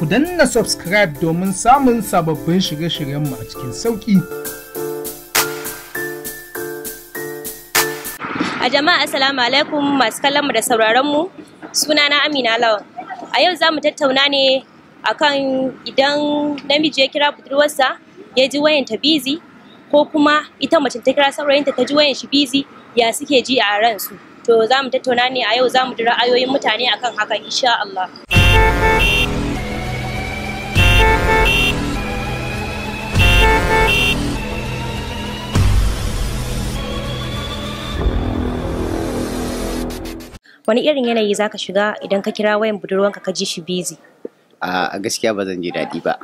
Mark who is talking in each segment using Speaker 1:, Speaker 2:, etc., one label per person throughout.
Speaker 1: ku danna subscribe domin samun sababbin shirye-shiryenmu a cikin
Speaker 2: sauƙi. A jama'a assalamu alaikum masu kallonmu da sauraronmu sunana Amina Lawan. A yau za mu tattauna ne akan idan namiji ya kira budurwarsa ya ji wayanta Bizi ko kuma ita mace ta kira saurayinta ta ji wayan shi Bizi ya suke ji a ransu. To za mu tattauna ne a yau za mu ji ra'ayoyin mutane akan haka insha Allah. wani irin yanayi zaka shiga idan ka kira wayan budurwanka ka ji shi busy
Speaker 3: a gaskiya ba zan ji daɗi ba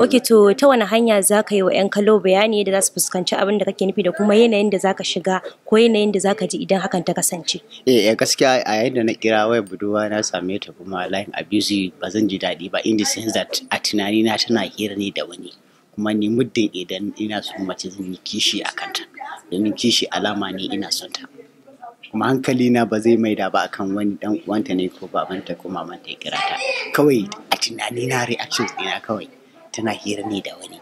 Speaker 2: Ok to ta wani hanya za ka yi wa 'yan kallo bayani da za su fuskanci abin da kake nufi da kuma yanayin da za ka shiga ko yanayin da za ka ji idan hakan ta kasance?
Speaker 3: Eh, eh gaskiya a yayin da na kira wayan budurwa na same ta kuma
Speaker 1: layin abuse ba zan ji daɗi ba in the sense that a tunani na tana hira ne da wani kuma ni muddin idan ina son mace zan yi kishi a kanta domin kishi alama ne ina son ta. kuma hankali na ba zai maida ba akan wani dan uwanta ne ko babanta ko mamanta ya kira ta kawai a tunani na reaction dina kawai tana hira ne da wani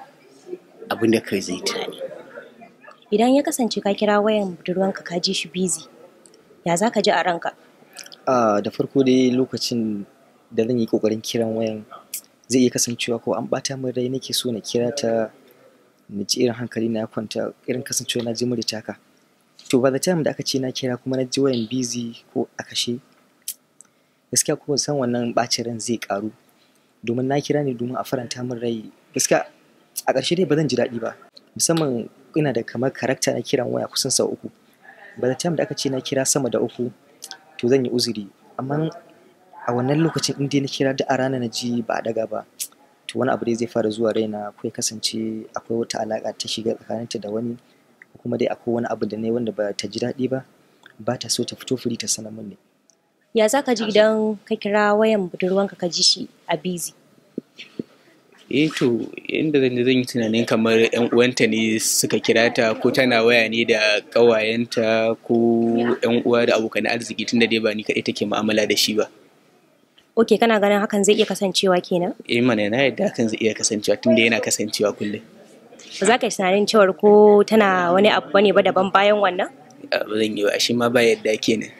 Speaker 3: abin da kai zai tunani
Speaker 2: idan ya kasance ka kira wayan budurwanka ka ji shi busy ya za ji a ranka
Speaker 3: da farko dai lokacin da zan yi kokarin kiran wayan zai iya kasancewa ko an bata min rai nake so na kira ta na ji irin hankali na kwanta irin kasancewa na ji murya taka to ba da time da aka ce na kira kuma na ji wayan busy ko a kashe gaskiya kuma san wannan bacin ran zai karu domin na kira ne domin a faranta min rai gaskiya a ƙarshe dai ba zan ji daɗi ba musamman ina da kamar karakta na kiran waya kusan sau uku ba da time da aka ce na kira sama da uku to zan yi uzuri amma a wannan lokacin in dai na kira da a rana na ji ba a daga ba to wani abu dai zai fara zuwa raina ko ya kasance akwai wata alaƙa ta shiga tsakaninta da wani kuma dai akwai wani abu da ne wanda ba ta ji daɗi ba ba ta so ta fito fili ta sanar mun ne
Speaker 2: ya za ka ji idan ka kira wayan budurwanka ka ji shi a bizi
Speaker 3: eh to inda zan zan yi tunanin
Speaker 1: kamar yan uwanta ne suka kira ta ko tana waya ne da kawayenta ko yan uwa da abokan arziki tunda dai ba ni kaɗai take mu'amala da shi ba
Speaker 2: ok kana ganin hakan zai iya kasancewa kenan
Speaker 1: eh mana na yadda hakan zai iya kasancewa tunda yana kasancewa kullum
Speaker 2: ba za ka yi tunanin cewar ko tana wani abu bane ba daban bayan wannan
Speaker 1: ba zan yi ba shi ma ba yadda kenan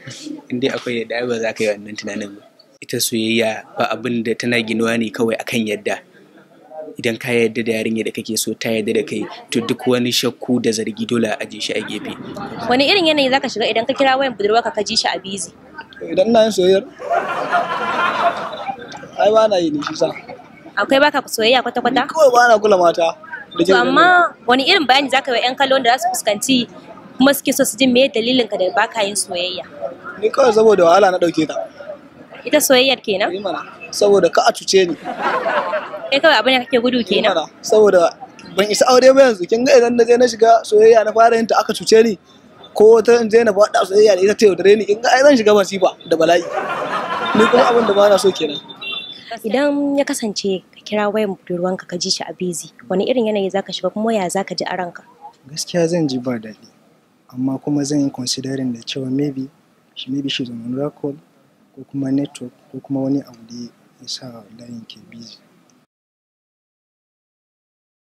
Speaker 1: in dai akwai yadda ba za ka yi wannan tunanin ba ita soyayya ba abin da tana ginuwa ne kawai akan yadda idan ka yadda da yarinya da kake so ta yadda da kai to duk wani shakku da zargi dole a aje shi a gefe
Speaker 2: wani irin yanayi za ka shiga idan ka kira wayan budurwa ka ji shi a bizi
Speaker 1: idan na yin soyayyar
Speaker 2: ai ba na yi ne shi sa akwai baka soyayya kwata kwata kawai ba na kula mata to amma wani irin bayani zaka yi wa 'yan kallon da za su fuskanci kuma suke so su ji me dalilin ka da baka yin soyayya
Speaker 1: ni kawai saboda wahala na dauke ta
Speaker 2: ita soyayyar kenan
Speaker 1: saboda ka a cuce ni
Speaker 2: kai kawai abin da kake gudu kenan
Speaker 1: saboda ban isa aure ba yanzu kin ga idan na je na shiga soyayya na fara yin ta aka cuce ni ko ta je na faɗa soyayya da ita ta yaudare ni kin ga ai zan shiga masifa da bala'i ni kuma abin da ba na so kenan
Speaker 2: idan ya kasance kira wayan budurwanka ka ji shi a busy wani irin yanayi zaka shiga kuma ya zaka ji a ranka gaskiya zan ji ba daɗi amma kuma zan yi considering da cewa maybe shi maybe she's on record ko kuma network ko kuma wani abu
Speaker 3: da ya sa layin ke busy